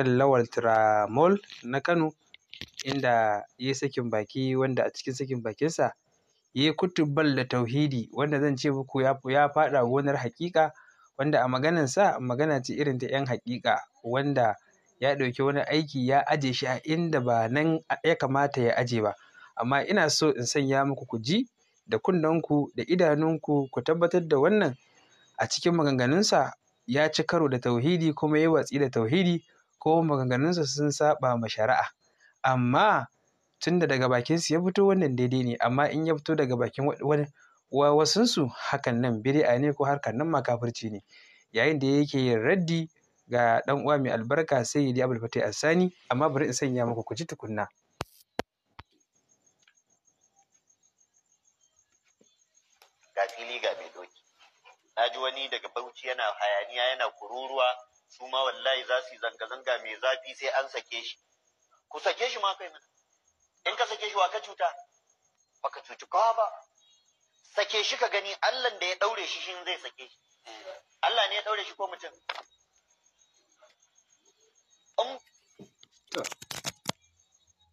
kan Lawal Turamol na Kano inda ya sakin baki wanda a cikin sakin bakinsa ya yi kutubal da tauhidi wanda zan ce muku ya faɗa gonar hakika wanda a maganarsa magana ce irin ta 'yan haƙiƙa wanda ya ɗauki wani aiki ya aje shi a inda ba nan ya kamata ya aje ba amma ina so in sanya muku ku ji da ku da idanunku ku tabbatar da wannan a cikin maganganunsa ya ci karo da tauhidi kuma ya watsi da tauhidi ko maganganunsa sun saɓa ma shari'a amma tunda daga bakinsu ya fito wannan daidai ne amma in ya fito daga bakin wani wasunsu hakan nan bid'a ne ko harkan nan makafirci ne yayin da yake yin raddi ga dan uwa mai albarka sayyidi yi fatai asani amma bari in sanya muku ku ji tukunna ga fili ga mai doki na ji wani daga bauchi yana hayaniya yana kururuwa su ma wallahi za su yi zanga-zanga mai zafi sai an sake shi ku sake shi ma kai mana in ka sake shi wa ka cuta ba ka cuci kowa ba sake shi ka gani Allah da ya daure shi shi zai sake shi Allah ne ya daure shi ko mutum um.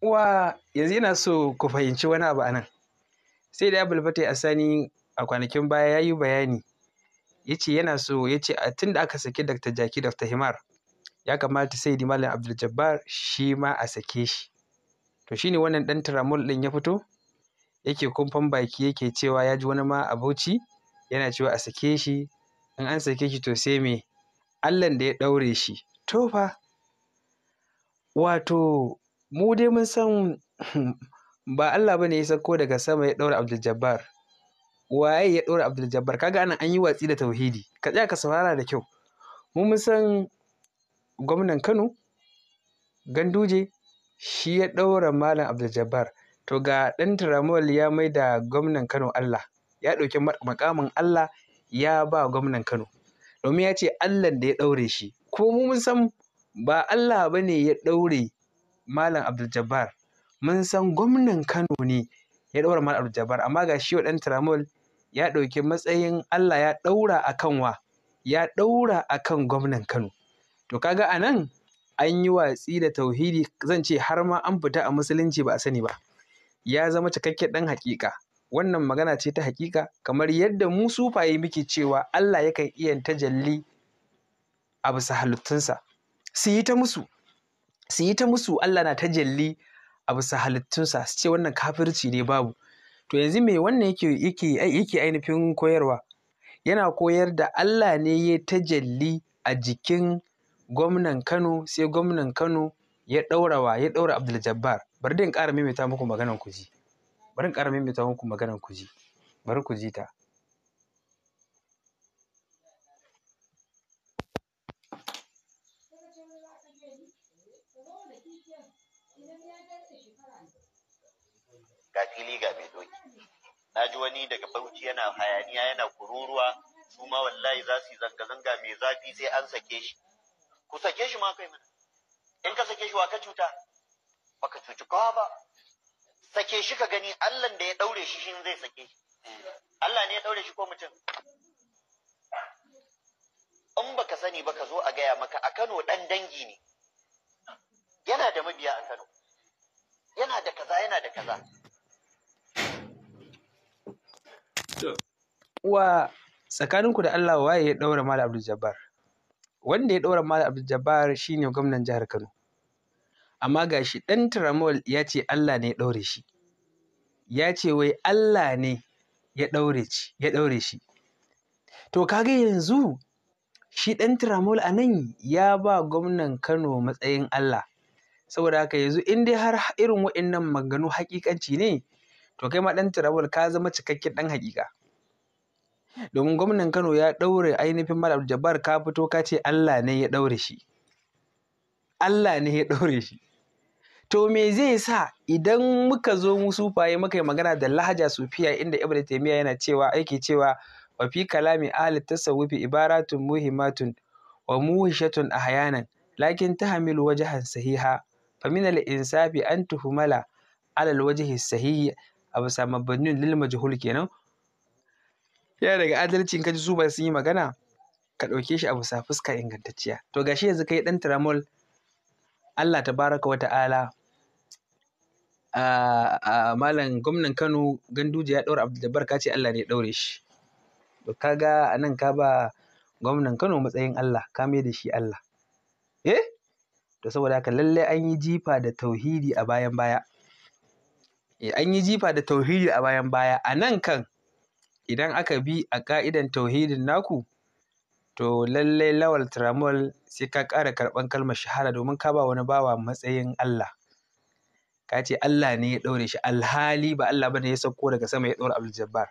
Uwa yanzu yana so ku fahimci wani abu anan sai da a Sani a kwanakin baya ya yi bayani ya ce yana so ya ce a tun da aka saki Dr. Jaki Dr. Himar ya kamata sai di Malam Abdul Jabbar shi ma a sake shi to ne wannan ɗan tramol ɗin ya fito yake kumfan baki yake cewa ya ji wani ma a Bauchi yana cewa a sake shi in an sake shi to sai me Allah da ya daure shi to fa wato mu dai mun san ba Allah bane ya sauko daga sama ya daura Abdul Jabbar waye ya ɗora Abdul Jabbar kaga anan an yi watsi da tauhidi ka tsaya ka saurara da kyau mu mun san gwamnan Kano Ganduje shi ya ɗaura Malam Abdul Jabbar to ga ɗan turamuwal ya mai da gwamnan Kano Allah ya ɗauki makamin Allah ya ba gwamnan Kano domin ya ce Allah da ya ɗaure shi ko mu mun san ba Allah ba ne ya ɗaure Malam Abdul Jabbar mun san gwamnan Kano ne ya ɗaura Malam Abdul Jabbar amma ga shi wa ɗan turamuwal ya ɗauki matsayin Allah ya ɗaura a kan wa ya ɗaura a kan gwamnan Kano to kaga a nan an yi watsi da tauhidi zan ce har ma an fita a musulunci ba a sani ba ya zama cikakken ɗan haƙiƙa wannan magana ce ta haƙiƙa kamar yadda mu sufaye muke cewa Allah yakan iya tajalli a bisa halittunsa su yi ta musu su yi ta musu Allah na tajalli a bisa halittunsa su ce wannan kafirci ne babu To yanzu me wannan yake yake yake ainihin koyarwa? Yana koyar da Allah ne ya tajalli a jikin gwamnan Kano sai gwamnan Kano ya ɗaurawa ya ɗaura Abdul Jabbar. Bari dai in ƙara maimaita muku maganan ku ji. Bari in ƙara maimaita muku maganan ku ji. Bari ku ji ta. Ga fili ga na ji wani daga bauchi yana hayaniya yana kururuwa su ma wallahi za su yi zanga-zanga mai zafi sai an sake shi ku sake shi ma kai mana in ka sake shi wa ka cuta Ba ka cuci kowa ba sake shi ka gani Allah da ya daure shi shi zai sake shi Allah ne ya daure shi ko mutum in baka sani ba ka zo a gaya maka a Kano dan dangi ne yana da mabiya a Kano yana da kaza yana da kaza Uwa tsakaninku da Allah waye ya ɗaura Malam Abdul Jabbar? Wanda ya ɗaura Malam Abdul Jabbar shine gwamnan jihar Kano. Amma ga shi ɗan tiramol ya ce Allah ne ya ɗaure shi. Ya ce wai Allah ne ya ɗaure shi. To ka ga yanzu shi ɗan tiramol a nan ya ba gwamnan Kano matsayin Allah. Saboda haka yanzu in dai har irin waɗannan maganganu haƙiƙanci ne to kai ma ɗan tirabul ka zama cikakken ɗan haƙiƙa domin gwamnan kano ya ɗaure ainihin malam jabbar ka fito ka ce allah ne ya ɗaure shi allah ne ya ɗaure shi to me zai sa idan muka zo mu sufaye muka yi magana da lahaja sufiya inda ibnu taymiya yana cewa yake cewa wa fi kalami ahli tasawufi ibaratun muhimmatun wa muhishatun ahyanan lakin tahmilu wajhan sahiha faminal al-insafi an tuhumala ala al-wajhi sahihi a bisa mabniyun lil majhul kenan yana daga adalcin ka kaji su ba sun yi magana ka ɗauke shi a bisa fuska ingantacciya to gashi yanzu kai ɗan tiramol Allah tabaraka wata'ala a malam gwamnan Kano Ganduje ya ɗaura Abdul ka ce Allah ne ya ɗaure shi to kaga anan ka ba gwamnan Kano matsayin Allah ka mai da shi Allah eh to saboda haka lallai an yi jifa da tauhidi a bayan baya Eh, an yi jifa da tauhidi a bayan baya a nan kan idan aka bi a ƙa'idan tauhidin naku to lallai lawal tramol sai ka ƙara karɓan kalmar shahara domin ka ba wani bawa matsayin Allah ka ce Allah ne ya ɗaure shi alhali ba Allah ba ne ya sauko daga sama ya ɗaura Abdul Jabbar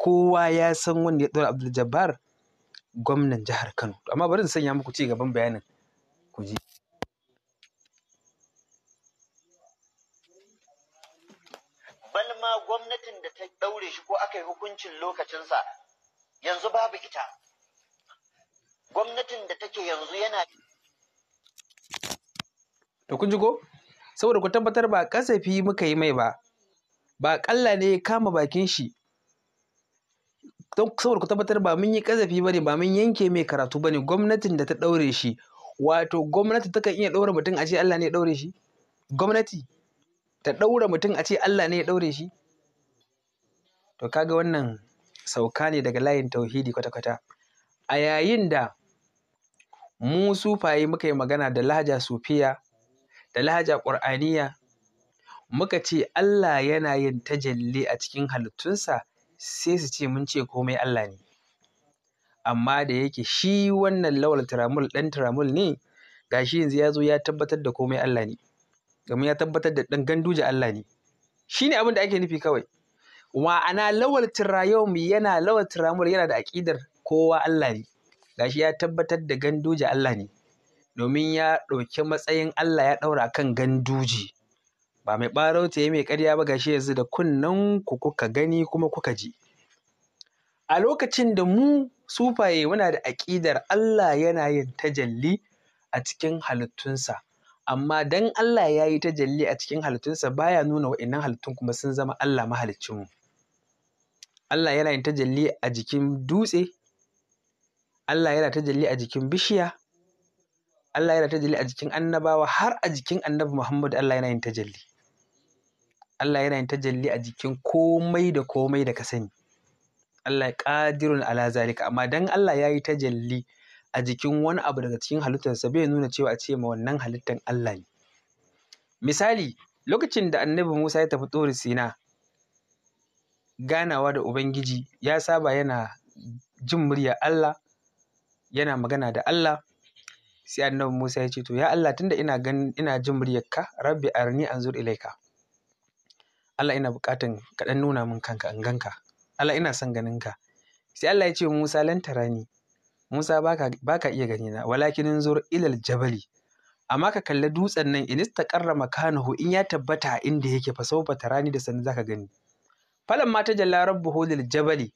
kowa ya san wanda ya ɗaura Abdul Jabbar gwamnan jihar Kano amma bari in sanya muku ci gaban bayanin ku ji daure shi ko aka yi hukuncin lokacinsa yanzu babu ita gwamnatin da take yanzu yana da kun ji ko saboda ku tabbatar ba kasafi muka yi mai ba ba kalla ne ya kama bakin shi saboda ku tabbatar ba mun yi kasafi ba ne ba mun yanke mai karatu ba ne gwamnatin da ta ɗaure shi wato gwamnati takan iya ɗaura mutum a ce Allah ne ya ɗaure shi gwamnati ta ɗaura mutum a ce Allah ne ya ɗaure shi to kaga wannan sauka ne daga layin tauhidi kwata-kwata a yayin da mu sufaye muka yi magana da lahaja sufiya da lahaja ƙur'aniya muka ce Allah yana yin tajalli a cikin halittunsa sai su ce mun ce komai Allah ne amma da yake shi wannan lawal tiramul ɗan tiramul ne gashi yanzu ya zo ya tabbatar da komai Allah ne domin ya tabbatar da ɗan ganduja Allah ne shi ne abin da ake nufi kawai ma'ana lawal tirayom yana lawal tiramur yana da aƙidar kowa Allah ne gashi ya tabbatar da ganduje Allah ne domin ya ɗauki matsayin Allah ya ɗaura kan ganduje ba mai ɓarauta ya mai ƙarya ba gashi yanzu da kunnen ku kuka gani kuma kuka ji a lokacin da mu sufaye muna da aƙidar Allah yana yin tajalli a cikin halittunsa amma dan Allah ya yi tajalli a cikin halittunsa baya nuna wa'innan halittun kuma sun zama Allah mu. Allah yana yin tajalli a jikin dutse Allah yana tajalli a jikin bishiya Allah yana tajalli a jikin annabawa har a jikin annabi Muhammad Allah yana yin tajalli Allah yana yin tajalli a jikin komai da komai da ka sani Allah ya ƙadirun ala zalika amma dan Allah ya yi tajalli a jikin wani abu daga cikin halittarsa bai nuna cewa a ce ma wannan halittar Allah ne misali lokacin da annabi Musa ya tafi Tori Sina ganawa da Ubangiji ya saba yana jin muryar Allah yana magana da Allah sai annabi Musa ya ce to ya Allah tunda ina ganin ina jin muryarka rabbi arni anzur ilaika Allah ina buƙatan ka dan nuna min kanka in ganka Allah ina son ganin ka sai Allah ya ce Musa lan tarani Musa ba ka iya gani na walakin anzur ilal jabali amma ka kalli dutsen nan in istaqarra makanahu in ya tabbata inda yake fa sawfa tarani da za ka gani falan ma tajalla rabbuhu lil jabali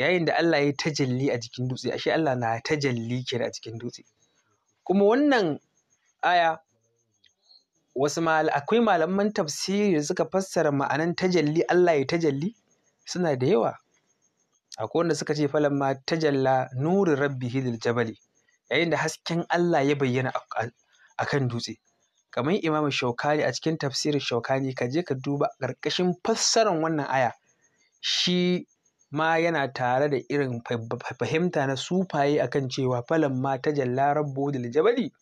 yayin da Allah ya tajalli a jikin dutse ashe Allah na tajalli ke a cikin dutse kuma wannan aya wasu akwai malaman tafsiri da suka fassara ma'anan tajalli Allah ya tajalli suna da yawa akwai wanda suka ce falan ma tajalla nuri rabbihi lil jabali yayin da hasken Allah ya bayyana akan dutse kamar imamu shaukani a cikin tafsirin shaukani ka je ka duba ƙarƙashin fassarar wannan aya shi ma yana tare da irin fahimta na sufaye akan cewa falan ma tajalla Rabbu lil jabali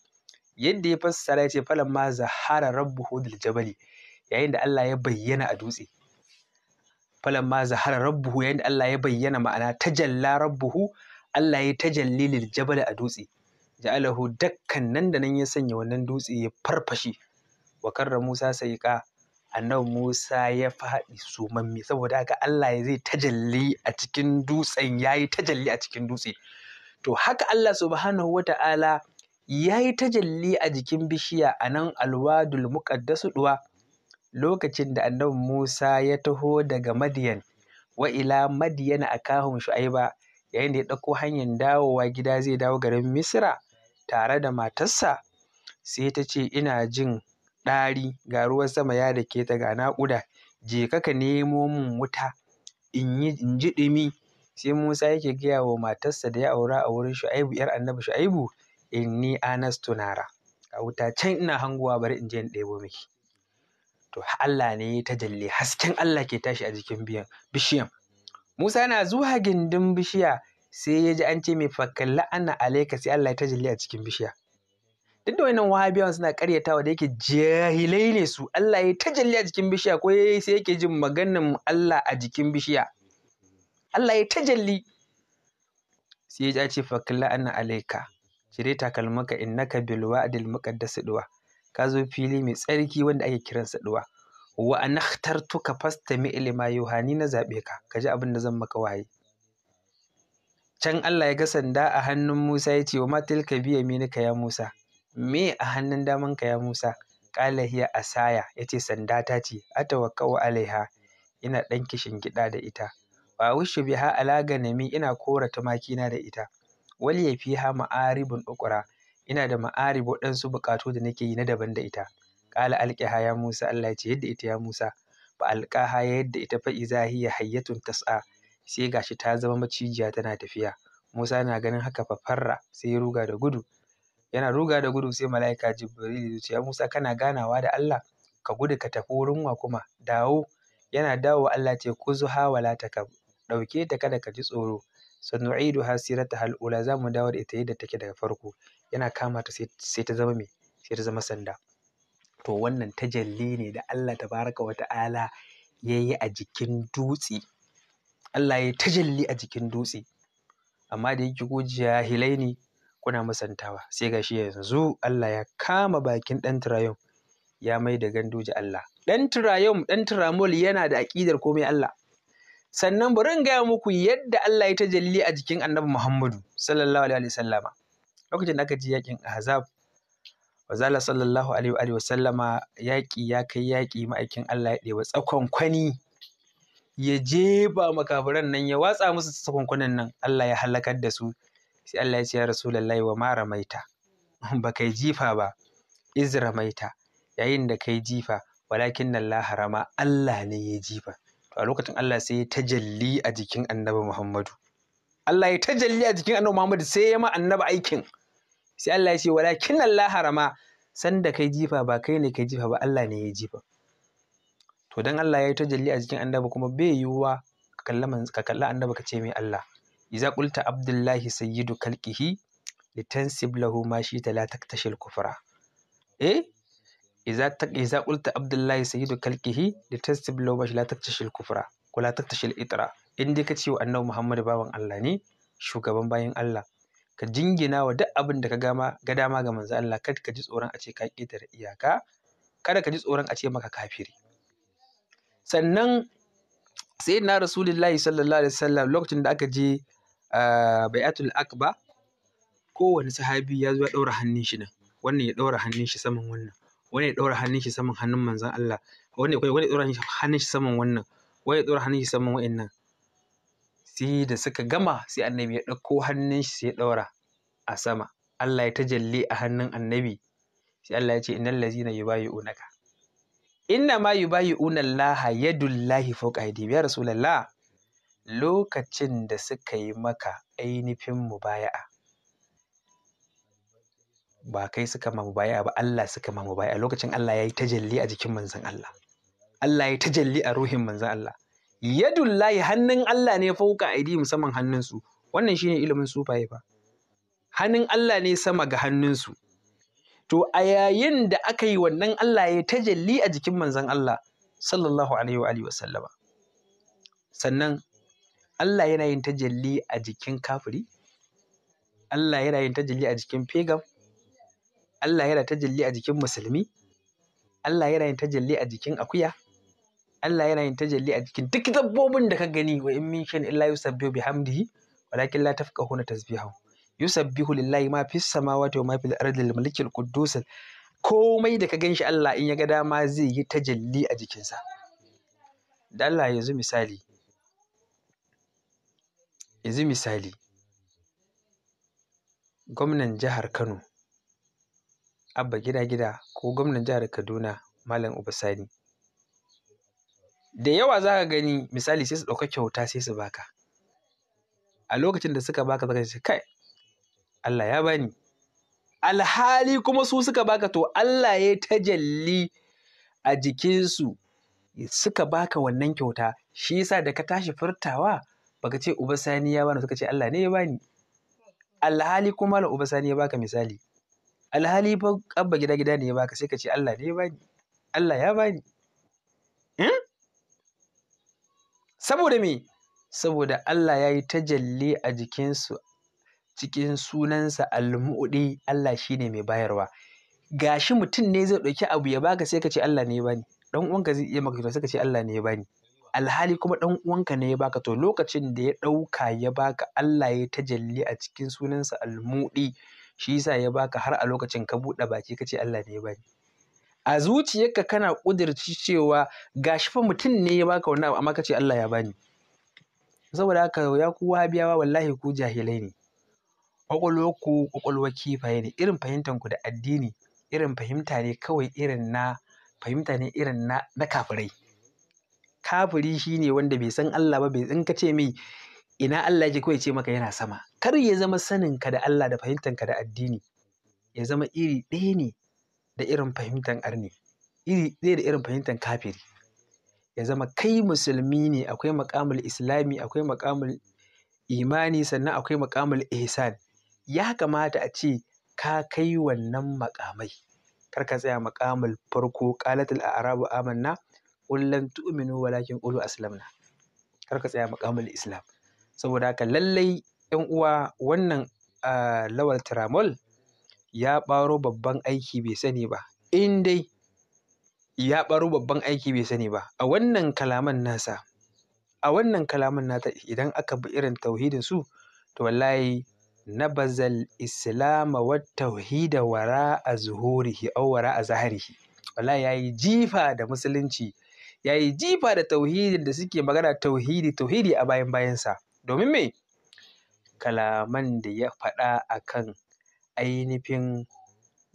yadda ya fassara ya ce falan ma zahara Rabbu lil jabali yayin da Allah ya bayyana a dutse falan ma zahara rabbuhu yayin da Allah ya bayyana ma'ana tajalla rabbuhu Allah ya tajalli lil jabali a dutse ja'alahu dakkan nan da nan ya sanya wannan dutse ya farfashe wa karra Musa sayiƙa nan Musa ya faɗi sumamme saboda haka Allah ya zai tajalli a cikin dutsen ya yi tajalli a cikin dutse to haka Allah subhanahu wata'ala yi tajalli a jikin bishiya a nan alwadul muƙaddasu ɗuwa lokacin da annabi Musa ya taho daga Madiyan wa ila Madiyana akahum Shu'aiba yayin da ya ɗauko hanyar dawowa gida zai dawo garin Misra tare da matarsa sai ta ce ina jin ɗari ga ruwan sama ya dake ta ga naƙuda je ka ka nemo min wuta in yi in ji ɗumi sai Musa yake gaya wa matarsa da ya aura a wurin Shu'aibu ‘yar annabi Shu'aibu inni anastu nara a wuta can ina hangowa bari in je in ɗebo miki to Allah ne ya Jalle, hasken Allah ke tashi a jikin bishiyan Musa yana zuwa gindin bishiya sai ya ji an ce mai la'ana ana alaika sai Allah ya Jalle a cikin bishiya duk da wannan wahabiyawan suna karyatawa da yake jahilai ne su Allah ya tajalli a jikin bishiya ko yi sai yake jin maganan Allah a jikin bishiya Allah ya tajalli sai ya ce fakalla ana alaika cire takalmaka innaka bil wa'dil muqaddas duwa ka zo fili mai tsarki wanda ake kiransa duwa wa anakhtartuka fastami ilima yohani na zabe ka kaji abin da zan maka waye." can Allah ya ga sanda a hannun Musa ya ce wa matilka biya minika ya Musa me a hannun damanka ya Musa ƙala hiya asaya yace sanda ta ce atawakkau alaiha ina ɗan kishin gida da ita wa ushu biha ala ganami ina kora na da ita wal yafiha ma'aribun ukura ina da ma'arib waɗansu buƙatu da nake yi na daban da ita ƙala alqiha ya Musa Allah ya ce yadda ita ya Musa fa alqaha yadda ita fa iza hiya hayyatun tas'a sai gashi ta zama macijiya tana tafiya Musa na ganin haka fafarra farra sai ya ruga da gudu yana ruga da gudu sai mala'ika jibril ya ce ya musa kana ganawa da allah ka gudu ka tafi wurin wa kuma dawo yana dawo allah ce ku zuha wala takab ɗauke ta kada ka ji tsoro Sannu sanu'idu hasirata hal'ula za mu dawo da ita yadda take daga farko yana kama ta sai ta zama mai sai ta zama sanda to wannan tajalli ne da Allah tabaraka wa ta'ala ya yi a jikin dutse Allah ya yi tajalli a jikin dutse amma da yake ko jahilai ne kuna musantawa sai gashi yanzu Allah ya kama bakin ɗan tirayon. ya mai da ganduje Allah ɗan tirayon, ɗan Tiramol yana da aƙidar komai Allah sannan bari in gaya muku yadda Allah ya tajalli a jikin Annabi Muhammadu sallallahu alaihi wasallama lokacin da aka ji yakin Ahzab Wazala sallallahu alaihi wa sallama yaƙi ya kai yaƙi ma'aikin Allah ya ɗeba tsakon kwani ya jeba makafiran nan ya watsa musu tsakon kwanan nan Allah ya halakar da su sai Allah ya ce ya rasulullahi wa ma ramaita ba kai jifa ba iz ramaita yayin da kai jifa walakin Allah harama Allah ne ya jifa to a lokacin Allah sai ya tajalli a jikin annabi Muhammadu Allah ya tajalli a jikin annabi Muhammadu sai ya ma annabi aikin sai Allah ya ce walakin Allah san da kai jifa ba kai ne kai jifa ba Allah ne ya jifa to dan Allah ya yi tajalli a jikin annabi kuma bai yiwuwa ka kalla annabi ka ce mai Allah Iza qulta abdullahi sayyidu khalqihi litansib lahu ma shi ta la taktashil kufra eh idza idza qulta abdullahi sayyidu khalqihi litansib lahu ma shi la taktashil kufra ko la taktashil itra in dai ka ce wa annabi Muhammadu baban Allah ne shugaban bayan Allah ka jingina wa duk abin da ka gama ga dama ga manzo Allah kada ka ji tsoron a ce ka ƙetare iyaka kada ka ji tsoron a ce maka kafiri sannan sayyidina rasulullahi sallallahu alaihi wasallam lokacin da aka je bai'atul akba kowane sahabi ya zo ya ɗaura hannun shi nan wannan ya ɗaura hannun shi saman wannan wani ya ɗaura hannun shi saman hannun manzon Allah wani ya ɗaura hannun shi saman wannan wani ya ɗaura hannun shi saman wa'annan sai da suka gama sai annabi ya ɗauko hannun shi sai ya ɗaura a sama Allah ya tajalli a hannun annabi sai Allah ya ce innal lazina yubayi'unaka inna ma yubayi'una Allah yadullahi fawqa aydihim ya rasulullah lokacin da suka yi maka ainihin mubaya'a ba kai suka ma mubaya'a ba Allah suka ma mubaya'a lokacin Allah ya yi tajalli a jikin manzon Allah Allah ya yi tajalli a ruhin manzon Allah yadullahi hannun Allah ne fauka aidi musamman hannunsu wannan shine ilimin sufaye fa hannun Allah ne sama ga hannunsu to a yayin da aka yi wannan Allah ya tajalli a jikin manzon Allah sallallahu alaihi wa sallama sannan Allah yana yin tajalli a jikin kafiri Allah yana yin tajalli a jikin pagan Allah yana tajalli a jikin musulmi Allah yana yin tajalli a jikin akuya Allah yana yin tajalli a jikin duk dabbobin da ka gani wa in min shan illa yusabbihu bihamdihi walakin la tafqahuna tasbihahu yusabbihu lillahi ma fis samawati wa ma fil ardi lil malikil quddus komai da ka ganshi Allah in ya ga dama zai yi tajalli a jikinsa da Allah yanzu misali Yanzu misali, gwamnan jihar Kano Abba Gida-Gida ko gwamnan jihar Kaduna Malam Uba Sani. Da yawa za ka gani misali sai su ɗauka kyauta sai su baka. A lokacin da suka baka zaka ce kai Allah ya bani. Alhali kuma su suka baka to Allah ya tajalli a jikinsu suka baka wannan kyauta shi yasa da ka tashi furtawa baka ce uba sani ya bani suka ce Allah ne ya bani alhali kuma malam uba sani ya baka misali alhali fa abba gida gida ne ya baka sai ka ce Allah ne ya bani Allah ya bani hmm? saboda me saboda Allah ya yi tajalli a jikinsu cikin sunansa almu'udi Allah shine mai bayarwa gashi mutum ne zai ɗauki abu ya baka sai ka ce Allah ne ya bani dan uwanka zai iya maka sai ka ce Allah ne ya bani alhali kuma ɗan uwanka ne ya baka to lokacin da ya ɗauka ya baka Allah ya tajalli a cikin sunansa almuɗi shi yasa ya baka har a lokacin ka buɗe baki ka ce Allah ne ya bani a zuciyarka kana ƙudirci cewa gashi fa mutum ne ya baka wannan amma ka ce Allah ya bani saboda haka ya ku biyawa, wallahi ku jahilai ne ƙwaƙwalwarku ƙwaƙwalwar kifaye ne irin fahimtar ku da addini irin fahimta ne kawai irin na fahimta ne irin na kafirai kafiri shi ne wanda bai san Allah ba in ka ce mai ina Allah yake kawai ce maka yana sama kar ya zama saninka da Allah da fahimtanka da addini ya zama iri ɗaya ne da irin fahimtar arni iri ɗaya da irin fahimtar kafiri ya zama kai musulmi ne akwai maƙamul islami akwai maƙamul imani sannan akwai maƙamul ihsan ya kamata a ce ka kai wannan maƙamai kar ka tsaya maƙamul farko qalatul a'rabu amanna kullan tu'minu walakin qulu aslamna kar ka tsaya maqamul islam saboda haka lallai yan uwa wannan lawal tramol ya ɓaro babban aiki bai sani ba in dai ya ɓaro babban aiki bai sani ba a wannan kalaman nasa a wannan kalaman nata idan aka bi irin tauhidin su to wallahi nabazal islam wa tauhida wara a zuhurihi aw wara a zahirihi wallahi yayi jifa da musulunci ya yi jifa da tauhidin da suke magana tauhidi tauhidi a bayan bayansa domin me kalaman da ya faɗa a kan ainihin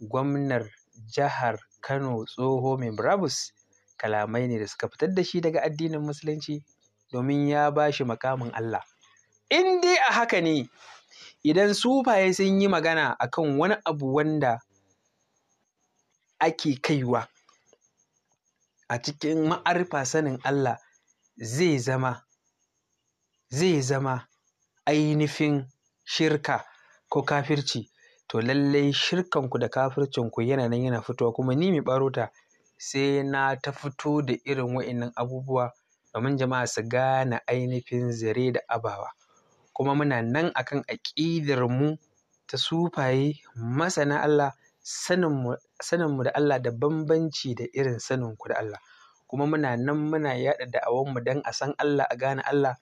gwamnar jihar Kano tsoho mai Brabus, kalamai ne da suka fitar da shi daga addinin musulunci domin ya ba shi makamin Allah in dai a haka ne idan sufaye sun yi magana akan wani abu wanda ake kaiwa a cikin ma'arifa sanin Allah zai zama zai zama ainihin shirka ko kafirci to lallai shirkanku da kafircinku yana nan yana fitowa kuma ni mai ɓarota sai na ta fito da irin wa'innan abubuwa domin jama'a su gane ainihin zare da abawa kuma muna nan akan aƙidar mu ta sufaye masana Allah sanin mu sanin mu da Allah da bambanci da irin saninku da Allah kuma muna nan muna yaɗa mu don a san Allah a gane Allah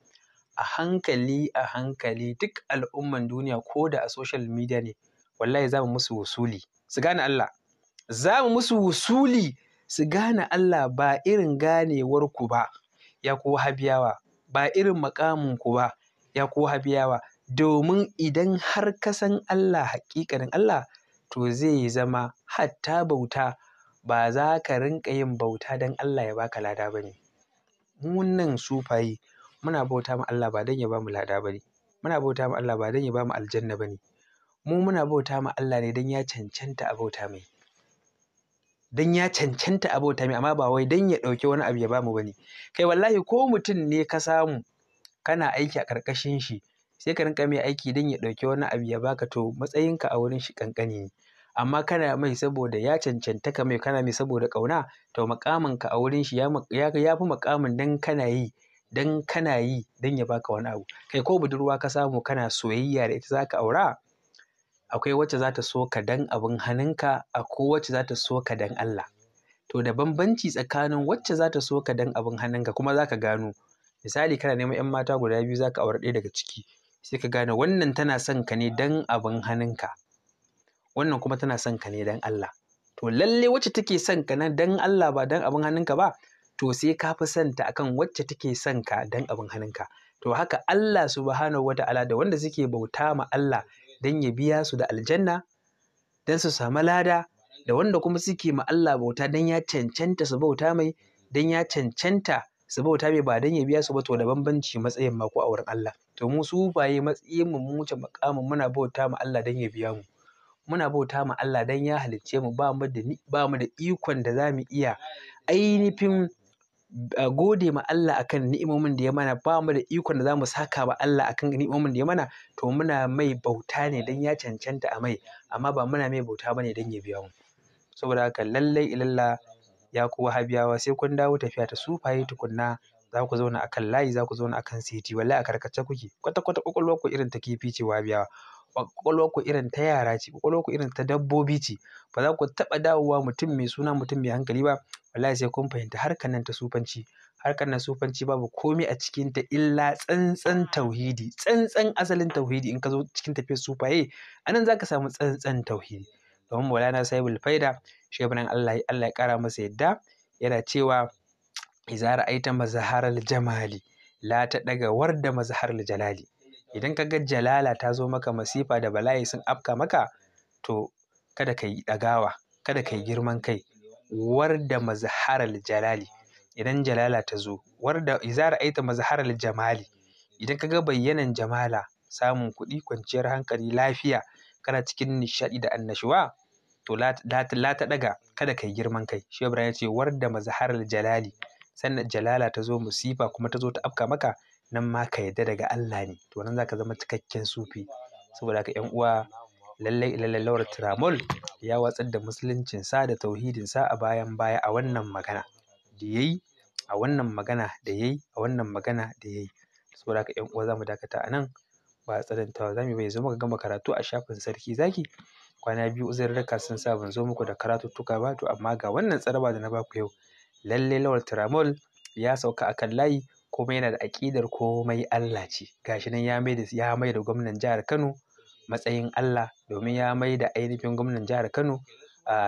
a hankali a hankali duk al'umman duniya ko da a social media ne wallahi za mu musu wusuli su gane Allah za mu musu wusuli su gane Allah ba irin ganewarku ba ya ku habiyawa ba irin ku ba ya ku habiyawa domin idan har ka san Allah haƙiƙanin Allah to zai zama hatta bauta ba za ka rinƙa yin bauta don Allah ya baka lada ba ne. Munan sufaye muna bauta ma Allah ba don ya bamu lada ba ne, muna bauta ma Allah ba don ya bamu aljanna ba ne, mu muna bauta ma Allah ne don ya cancanta a bauta mai. Don ya cancanta a bauta mai amma ba wai don ya ɗauki wani abu ya bamu ba ne. Kai wallahi ko mutum ne ka samu kana aiki a ƙarƙashin shi sai ka rinka mai aiki don ya ɗauki wani abu ya baka to matsayinka a wurin shi ƙanƙani ne amma kana mai saboda ya cancanta ka mai kana mai saboda ƙauna to ka a wurin shi ya fi makamin dan kana yi dan kana yi dan ya baka wani abu kai ko budurwa ka samu kana soyayya da ita za ka aura akwai wacce za ta so ka dan abin hannunka akwai wacce za ta so ka dan Allah to da bambanci tsakanin wacce za ta so ka dan abin hannunka kuma za ka gano misali kana neman 'yan mata guda biyu za ka aure ɗaya daga ciki sai ka gane wannan tana son ka ne dan abin hannunka wannan kuma tana son ka ne dan Allah to lalle wacce take son ka na dan Allah ba dan abin hannunka ba to sai ka fi son ta akan wacce take son ka dan abin hannunka to haka Allah subhanahu wata'ala da wanda suke bauta ma Allah dan ya biya su da aljanna dan su samu lada da wanda kuma suke ma Allah bauta dan ya cancanta su bauta mai dan ya cancanta su bauta mai ba dan ya biya su ba to da bambanci matsayin ma ko a wurin Allah to mu sufaye matsayin mu mu wuce makamin muna bauta ma Allah dan ya biya mu muna bauta ma Allah dan ya halicce mu ba mu da ba mu da ikon da za mu iya ainihin gode ma Allah akan ni'imomin da ya mana ba mu da ikon da zamu saka wa Allah akan ni'imomin da ya mana to muna mai bauta ne dan ya cancanta a mai amma ba muna mai bauta bane dan ya biya mu saboda haka lallai ilalla ya ku Habiyawa, sai kun dawo tafiya ta sufaye tukunna za ku zauna akan layi za ku zauna akan seti wallahi a karkace kuke kwata kwata kwakwalwar ku irin ta kifi ce wabiyawa kwakwalwar ku irin ta yara ce kwakwalwar ku irin ta dabbobi ce ba za ku taɓa dawowa mutum mai suna mutum mai hankali ba wallahi sai kun fahimta harkar nan ta sufanci harkar nan sufanci babu komai a cikin ta illa tsantsan tauhidi tsantsan asalin tauhidi in ka zo cikin tafiyar sufaye anan zaka samu tsantsan tauhidi domin maulana sahibul faida shebunan Allah Allah ya kara masa yadda yana cewa iza ra'aita mazharal jamali la ta daga warda mazharal jalali idan kaga jalala ta zo maka masifa da bala'i sun afka maka to kada ka yi ɗagawa kada ka yi girman kai warda mazharal jalali idan jalala ta zo warda iza ra'aita mazharal jamali idan kaga bayyanan jamala samun kuɗi kwanciyar hankali lafiya kana cikin nishadi da annashuwa to la ta ɗaga kada ka yi girman kai shi ibrahim ya ce warda mazharal jalali sannan jalala ta zo musifa kuma ta zo ta afka maka nan ma ka yarda daga Allah ne to nan zaka zama cikakken sufi saboda haka 'yan uwa lallai lallai lawar tiramol ya watsar da musuluncin sa da tauhidin sa a bayan baya a wannan magana da yayi a wannan magana da yayi a wannan magana da yayi saboda haka 'yan uwa zamu dakata a nan ba tsanantawa zamu bai zo muka gama karatu a shafin sarki zaki kwana biyu uzurrarka sun sa ban zo muku da karatuttuka ba to amma ga wannan tsaraba da na baku yau Lallai lawal tramol ya sauka a kan layi kuma yana da aƙidar komai Allah ce gashi nan ya mai ya mai da gwamnan jihar Kano matsayin Allah domin ya mai da ainihin gwamnan jihar Kano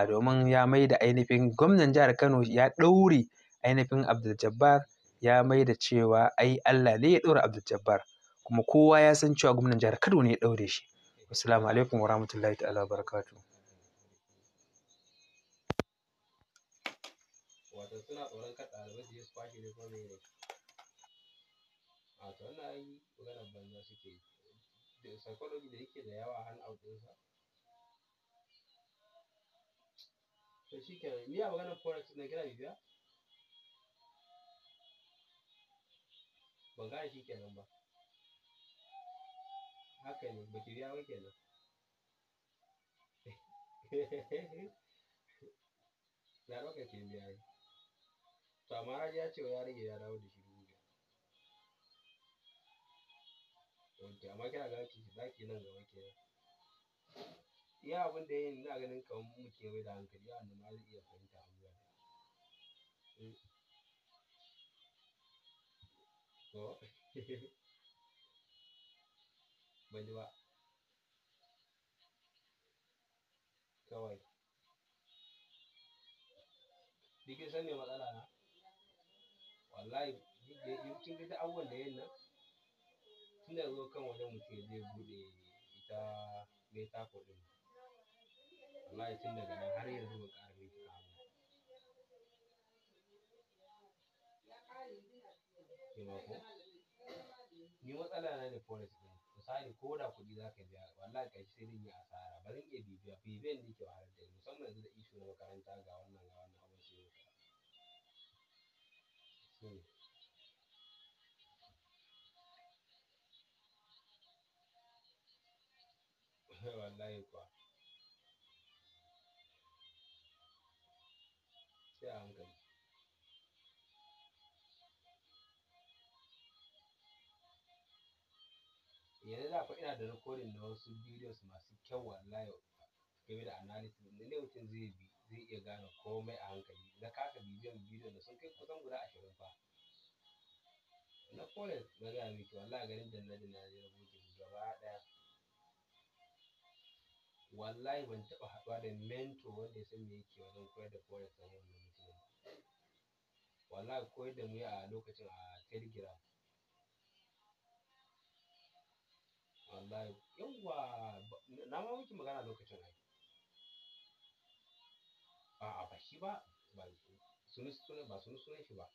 domin ya mai da ainihin gwamnan jihar Kano ya ɗaure ainihin Abdul Jabbar ya mai da cewa ai Allah ne ya ɗaure Abdul Jabbar kuma kowa ya san cewa gwamnan jihar Kano ne ya ɗaure shi assalamu alaikum warahmatullahi ta'ala barakatuh kwashe ne ko mene a to wannan ai maganar banza suke yi da psychology da yake da yawa hand out ɗinsa to shi ke ni a maganar forex na kira bibiya ban gane shi ke nan ba haka ne ba ki biya ba kenan na ɗauka ke biya ne to amma har ya ce ya rage ya dawo da shi dubu biyar ok amma kina ga ki za ki nan gaba kenan iya abin da yin ina ganin kamar mu ke mai da hankali ya wanda ma zai iya fahimta abubuwa da to hmm. ban ji ba kawai Dikin san me matsala na? wallahi kin ga duk abubuwan da yin nan tun da zo kan wajen mutum zai bude ita beta kodin wallahi tun daga nan har yanzu ba ƙara mai kama taimako ni matsala na da forex ɗin misali ko da kuɗi za ka biya wallahi ƙarshe sai zan yi asara ba zan iya bibiya bibiyan da ke wahalar da musamman yanzu da ishu na makaranta ga wannan ga wannan Hmm. Wallahi kuwa. Sai a hankali. yanzu da fa ina da recording na wasu videos masu kyau wallahi game da analysis ne mutum zai bi zai iya gane komai a hankali na kaka bibiyan bidiyon da sun kai kusan guda ashirin fa na kore na gaya mai to Allah garin da na dina ya rubuce gaba ɗaya. wallahi ban taɓa haɗuwa da Mento wanda ya san me yake wajen koyar da kore san wannan mutumin wallahi koyar da mu a lokacin a telegram wallahi yawwa na ma muke magana lokacin ai a'a ba shi ba ba sunan sunan ba sunan sunan shi ba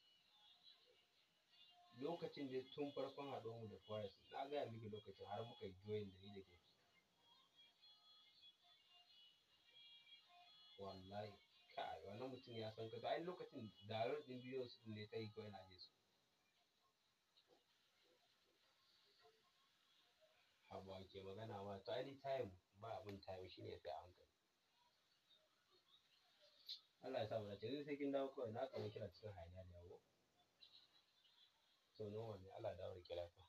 lokacin da tun farkon haɗuwar mu da forest na gaya miki lokacin har muka yi joyin da ni da ke wallahi kai wannan mutum ya san ka to ai lokacin darar din biyo su ne ta yi kawai na je su habu ake magana ma to ai time ba abin time shine sai hankali Allah ya sa mana dace sai kin dawo kawai na kama kira cikin hayaniya yawo to no ne Allah dawo kira ka